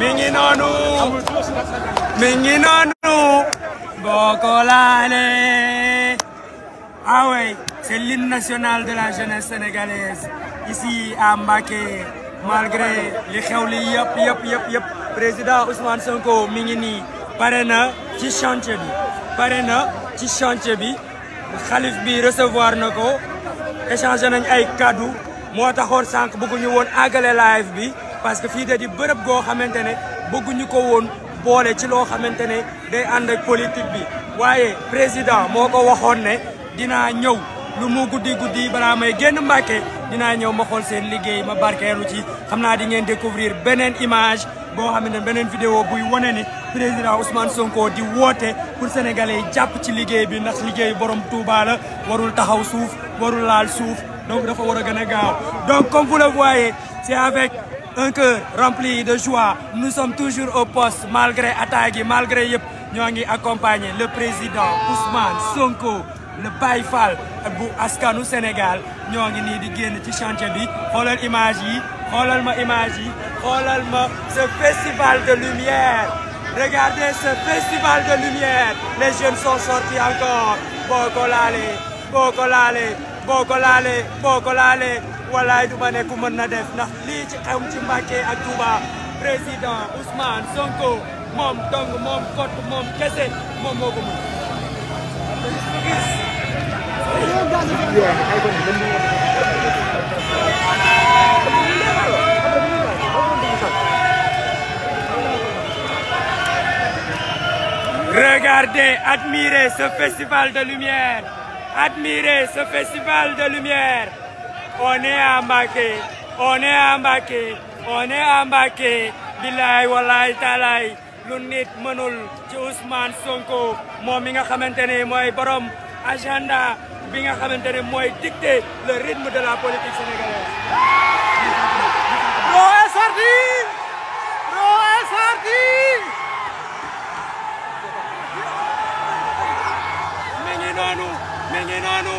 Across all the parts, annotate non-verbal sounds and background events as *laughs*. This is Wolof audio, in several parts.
mi ngi noonu mi ngi noonu boo laalee ah oui c'est l'hymne national de la jeunesse sénégalaise ici à Mbacké malgré li xew li yëpp yëpp yëpp yëpp président Ousmane Sonko mi ngi nii pare na ci chantier bi pare na ci chantier bi xalif bi recevoir na ko échangé nañ ay kaddu moo taxoon sànq bëgguñu woon àggale live bi parce que fii de di bërëb goo xamante ne bëgguñu ko woon boole ci loo xamante ne day ànd ak politique bi waaye président moo ko waxoon ne dinaa ñëw lu mu guddi guddi balaa may génn Mbàkke dinaa ñëw ma xool seen liggéey ma barkeelu ci xam naa di ngeen découvrir beneen image boo xamante ne beneen vidéo buy wane ne président Ousmane sonkoo di woote pour sénégalais yi jàpp ci liggéey bi ndax liggéey boroom Touba la warul taxaw suuf warul laal suuf donc dafa war a gën a gaaw C'est avec un cœur rempli de joie. Nous sommes toujours au poste malgré attaques malgré yëpp ñoo ngi accompagner le président Ousmane Sonko le Baye bu askanu Sénégal ñoo ngi nii di génn ci chantier bi xoolal image yi xoolal ma image yi xoolal ma ce festival de lumière regardez ce festival de lumière les jeunes sont sortis encore boo ko laalee ko laalee walaay du ma mën na def ndax lii ci xew ci Mbacké ak Touba président Ousmane Sonko moom dong moom kott moom kese moom moo ko mën. Regardez, admirez festival de lumière. Admirez ce festival de lumière. on est à Mbacké on est à Mbacké on billaay wallaay taalaay lu nit mënul ci Ousmane Sonko moom mi nga xamante ne mooy borom agenda bi nga xamante ne mooy dicter le rythme de la politique sénégalaise. Rohé Sardi Rohé Sardi mi ngi noonu mi noonu.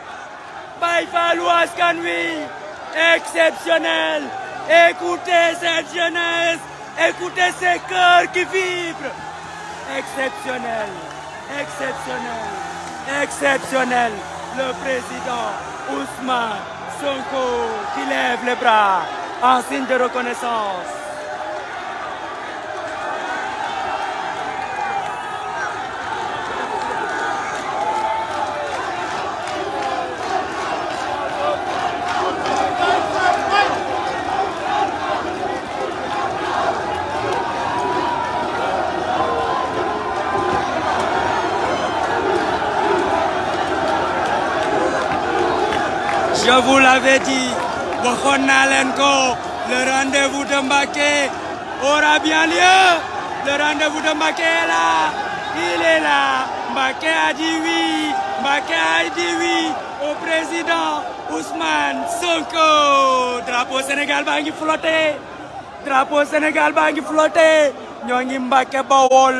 Baye Fallou askan wi exceptionnel écoutez cette jeunesse écoutez ces cœurs qui vibrent exceptionnel exceptionnel exceptionnel le président Ousmane Sonko qui lève les bras en signe de reconnaissance vous l'avez dit waxoon naa leen ko le rendez-vous de Mbacké aura bien lieu le rendez-vous de Mbacké est il est là Mbacké a dit oui Mbacké a président Ousmane Sonko drapeau Sénégal baa ngi flotté drapeau Sénégal baa ngi flotté ñoo ngi Mbacké Bawol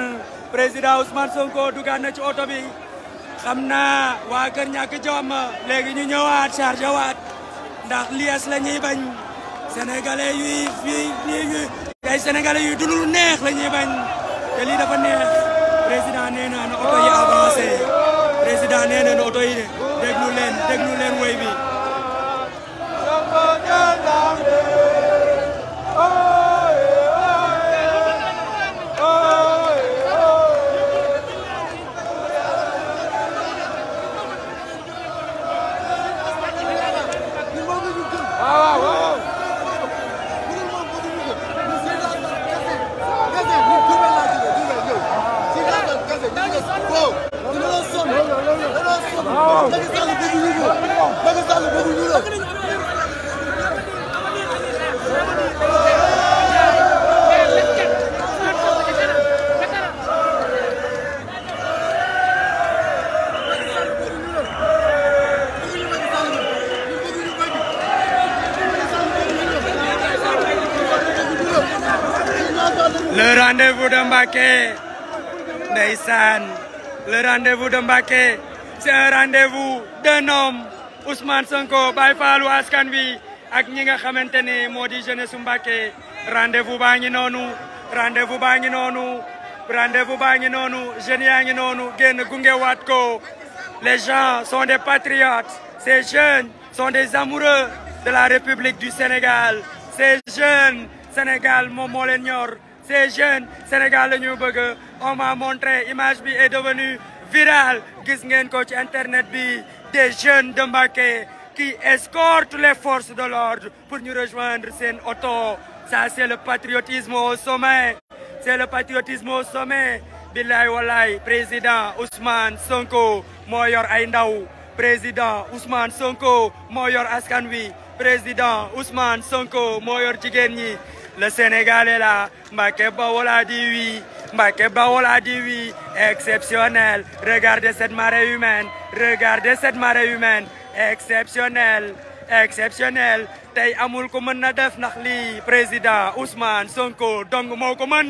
président Ousmane Sonko dugaan na ci oto bi xam naa waa kër ñàkk jom léegi ñu ñëwaat chargé waat ndax lies la ñuy bañ sénégalais yuy fii fii ay sénégalais yuy dund lu neex la ñuy bañ te lii dafa neex président nee na na oto yi avancé président nee na na oto leen déglu leen woy bi waaw Macky Sall bëgguñu ko Macky Sall c'est un rendez-vous d'un homme Ousmane Sonko Baye Fallou askan wi ak ñi nga xamante ne moo di jeunesse Mbacké rendez-vous baa ngi noonu rendez-vous baa ngi noonu rendez-vous baa ngi noonu jeunes yaa ngi noonu génn gungewaat ko les gens sont des patriotes ces jeunes sont des amoureux de la République du Sénégal ces jeunes Sénégal moom moo leen ñor ces Sénégal la ñu bëgg on m'a montré image bi est devenue virale gis ngeen ko ci internet bi des jeunes de Mbacké qui escortent les forces de l'ordre pour ñu rejoindre seen auto ça c'est le patriotisme au sommet c'est le patriotisme au sommet billaay wallaay président Ousmane Sonko moo yor ay ndaw président Ousmane Sonko moo yor askan wi président Ousmane Sonko moo yor jigéen ñi le Sénégal là Mbacké Bawol a dit Mbacké Bawol a dit oui, exceptionnel. Regardez cette marée humaine, regardez cette marée humaine, exceptionnel, exceptionnel. tey amul ku mën na def ndax lii président Ousmane Sonko dong moo ko mën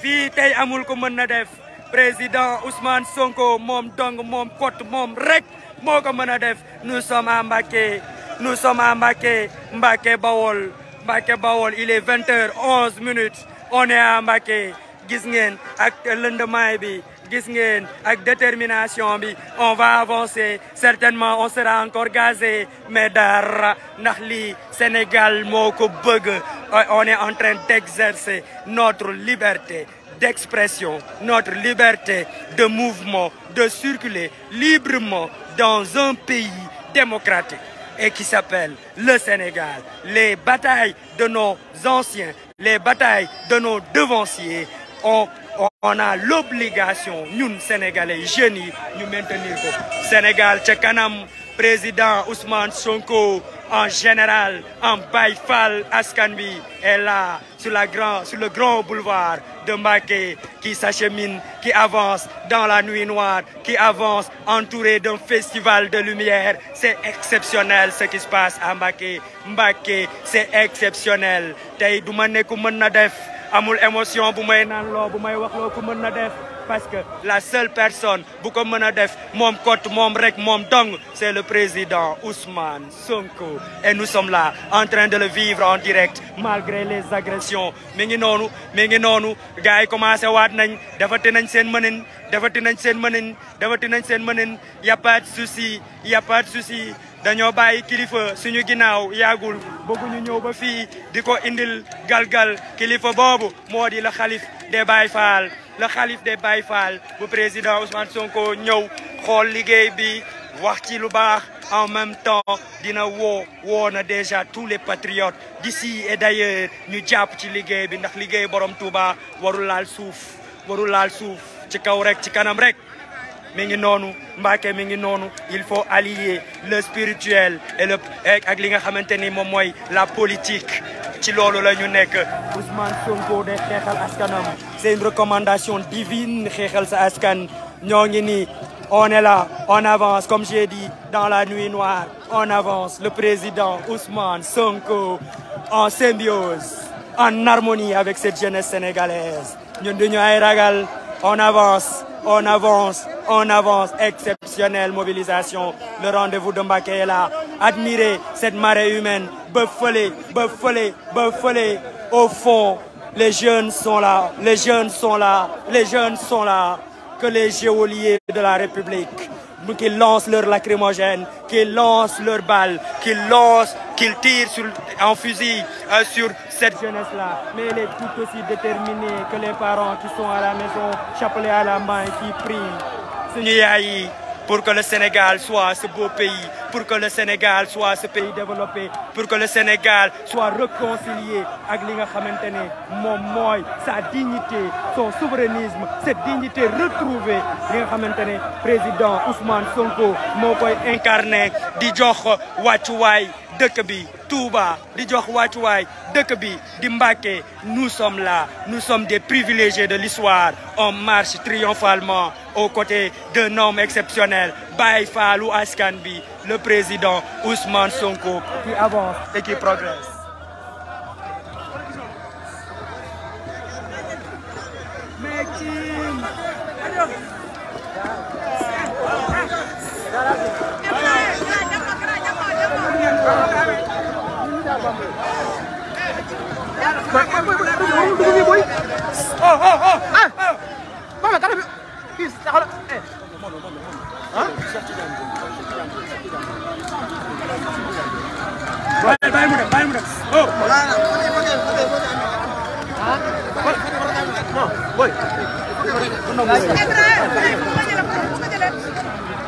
fii tey amul ku mën na def président Ousmane Sonko moom dong moom kot moom rek moo ko mën a def nous sommes à Mbacké nous sommes à Mbacké Mbacké Bawol Mbacké Bawol il est 20 heures 11 minutes on est à Mbacké gis ngeen ak lëndemaay bi gis ngeen ak détermination bi on va avancer certainement on sera encore gazé mais dara ndax lii Sénégal moo ko bëgg euh, on est en train d'exercer notre liberté d'expression notre liberté de mouvement de circuler librement dans un pays démocratique et qui s'appelle le Sénégal les batailles de nos anciens les batailles de nos devanciers on on a l'obligation ñun sénégalais jeunes yi ñu maintenir ko Sénégal ca kanam président Ousmane Sonko en général en Baye Fall askan bi est là sur la grand sur le grand boulevard de Mbacké qui s'achemine qui avance dans la nuit noire qui avance entouré d'un festival de lumière c'est exceptionnel ce qui se passe à Mbacké Mbacké c'est exceptionnel tey du ma ne ku mën na def amul émotion bu may naan loo bu may wax loo ku mën na def parce que la seule personne bu ko mën a def moom kott moom rek moom dong c'est le président Ousmane Sonko et nous sommes là en train de le vivre en direct malgré les agressions mi ngi noonu mi ngi noonu gars yi commencé waat nañ defati nañ seen mënin defati nañ seen mënin defati nañ seen mënin y a pas ya souci y dañoo bàyyi kilifa suñu ginnaaw yaagul bëgguñu ñëw ba fii di ko indil galgal kilifa boobu moo di la xalif des Baye la xalif de Baye Fall bu président Ousmane Sonko ñëw xool liggéey bi wax ci lu baax en même temps dina woo woo na déjà tous les patriotes d'ici et d'ailleurs ñu jàpp ci liggéey bi ndax liggéey borom Touba warul laal suuf warul laal suuf ci kaw rek ci kanam rek mi ngi noonu Mbacké mi ngi noonu il faut allier le spirituel et le ak li nga xamante ni moom mooy la politique ci loolu la ñu nekk Ousmane Sonko de xeexal askanam c'est une recommandation divine xeexal sa askan ñoo ngi nii on est là on avance comme j'ai dit dans la nuit noire on avance le président Ousmane Sonko en symbiose en harmonie avec cette jeunesse sénégalaise ñun duñu ay ragal on avance On avance, on avance. Exceptionnelle mobilisation. Le rendez-vous de Mbacké est là. Admirez cette marée humaine. Beufelez, beufelez, Au fond, les jeunes sont là, les jeunes sont là, les jeunes sont là. Que les geôliers de la République, qu'ils lancent leurs lacrymogènes, qu'ils lancent leurs balles, qu'ils lancent qu'il tire sur, en fusil euh, sur cette jeunesse-là. Mais elle est tout aussi déterminée que les parents qui sont à la maison, chapelet à la main, qui prient. Pour que le Sénégal soit ce beau pays, pour que le Sénégal soit ce pays développé, pour que le Sénégal soit réconcilié avec li nga xamante ne moom mooy sa dignité son souverainisme cette dignité retrouvée li nga xamante ne président Ousmane Sonko moo di jox dëkk bi Touba di jox wàccuwaay dëkk bi di Mbacké nous sommes là nous sommes des privilégiés de l'histoire on marche triomphalement aux côtés d'un homme exceptionnel Baye Fall ou askan bi le président Ousmane Sonko qui avance et qui progresse Boy. Boy. Boy.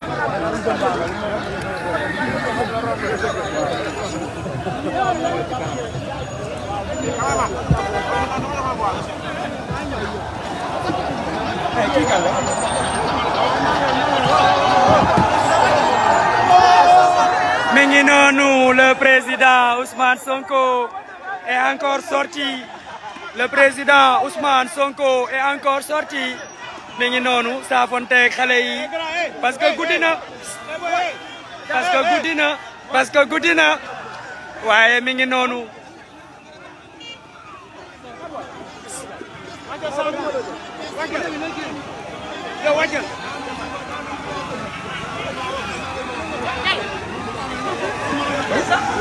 Ousmane Sonko est encore sorti le président Ousmane Sonko est encore sorti mi noonu saafonteeg xale yi parce que guddi na parce que guddi parce que guddi na waaye mi ngi noonu.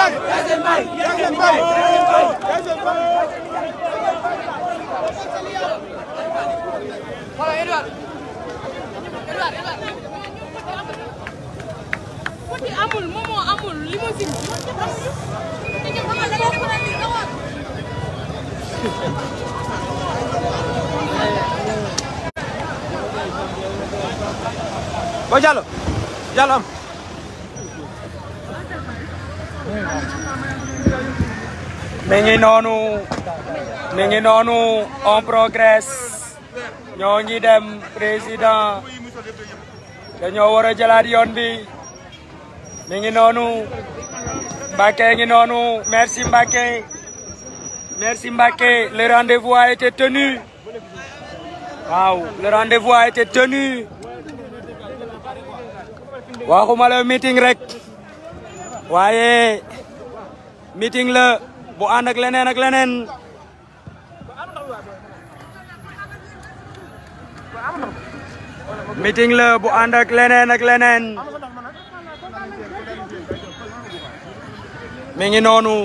Mbaye Tyson Mbaye Tyson Mbaye Tyson Mbaye voilà Edouard Edouard Fouti amul Momo amul limousine Boy Diallo Diallo am mi ngi noonu mi ngi noonu on progresse ñoo ngi dem président dañoo war a jalaat yoon bi mi ngi noonu Mbacké ngi noonu merci Mbacké merci Mbacké le rendez-vous a été tenu waaw le rendez-vous a été tenu waxuma la meeting rek waaye meeting la bu ànd ak leneen ak leneen bu ànd leneen ak leneen mi ngi noonu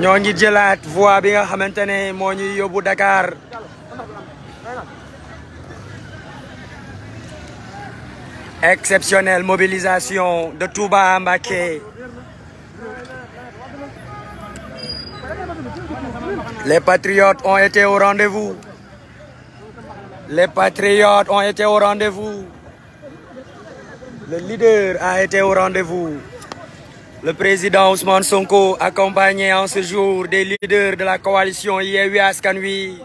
ñoo ngi jëlaat voie bi nga xamante ne moo yobu yóbbu Dakar Exceptionnelle mobilisation de tout à Mbacké. Les patriotes ont été au rendez-vous. Les patriotes ont été au rendez-vous. Le leader a été au rendez-vous. Le président Ousmane Sonko, accompagné en ce jour des leaders de la coalition Yewwi Askan Wi,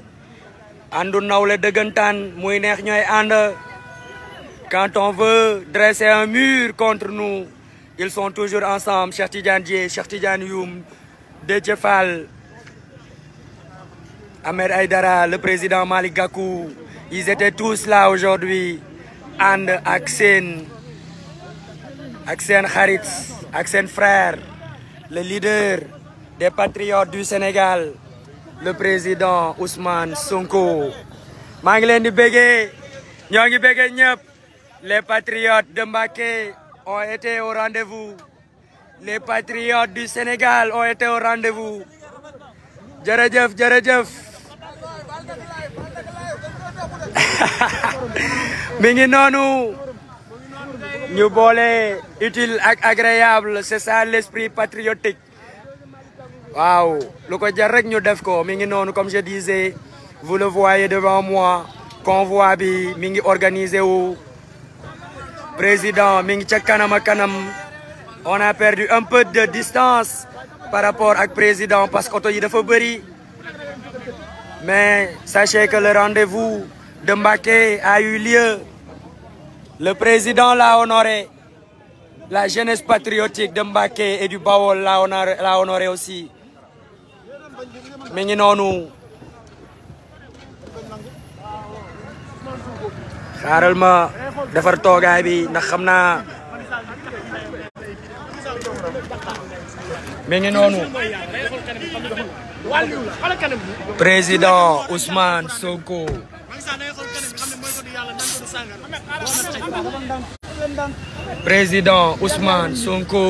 Andu Nawlé dëggantaan muy neex ñooy ànd. Quand on veut dresser un mur contre nous, ils sont toujours ensemble, Cheikh Tidiane Dièye, Cheikh Tidiane Youm, Déthié Fall, Ahmed Aïdara, le président Malick Gakou, ils étaient tous là aujourd'hui, ànd ak seen ak seen xarit ak seen frère, le leader des patriotes du Sénégal, le président Ousmane Sonko. Maa ngi leen di béggee, ñoo ngi béggee ñëpp. Les patriotes de Mbacké ont été au rendez-vous. Les patriotes du Sénégal ont été au rendez-vous. Jërëjëf, jërëjëf. *laughs* Mi ngi noonu. Ñu boole utile ak agréable, c'est ça l'esprit patriotique. Waaw, lu ko jar rek ñu def ko. Mi ngi noonu comme je disais, vous le voyez devant moi. Convoi bi mi ngi organisé wu. président mi ngi ca kanam a kanam on a perdu un peu de distance par rapport ak président parce que oto yi dafa bëri mais sachez que le rendez-vous de Mbacké a eu lieu le président l'a honoré la jeunesse patriotique de Mbacké et du Bawol l'a honoré, aussi mi ngi noonu xaaral defar toogaay bi ndax xam naa mi ngi noonu président Ousmane Sonko président Ousmane Sonko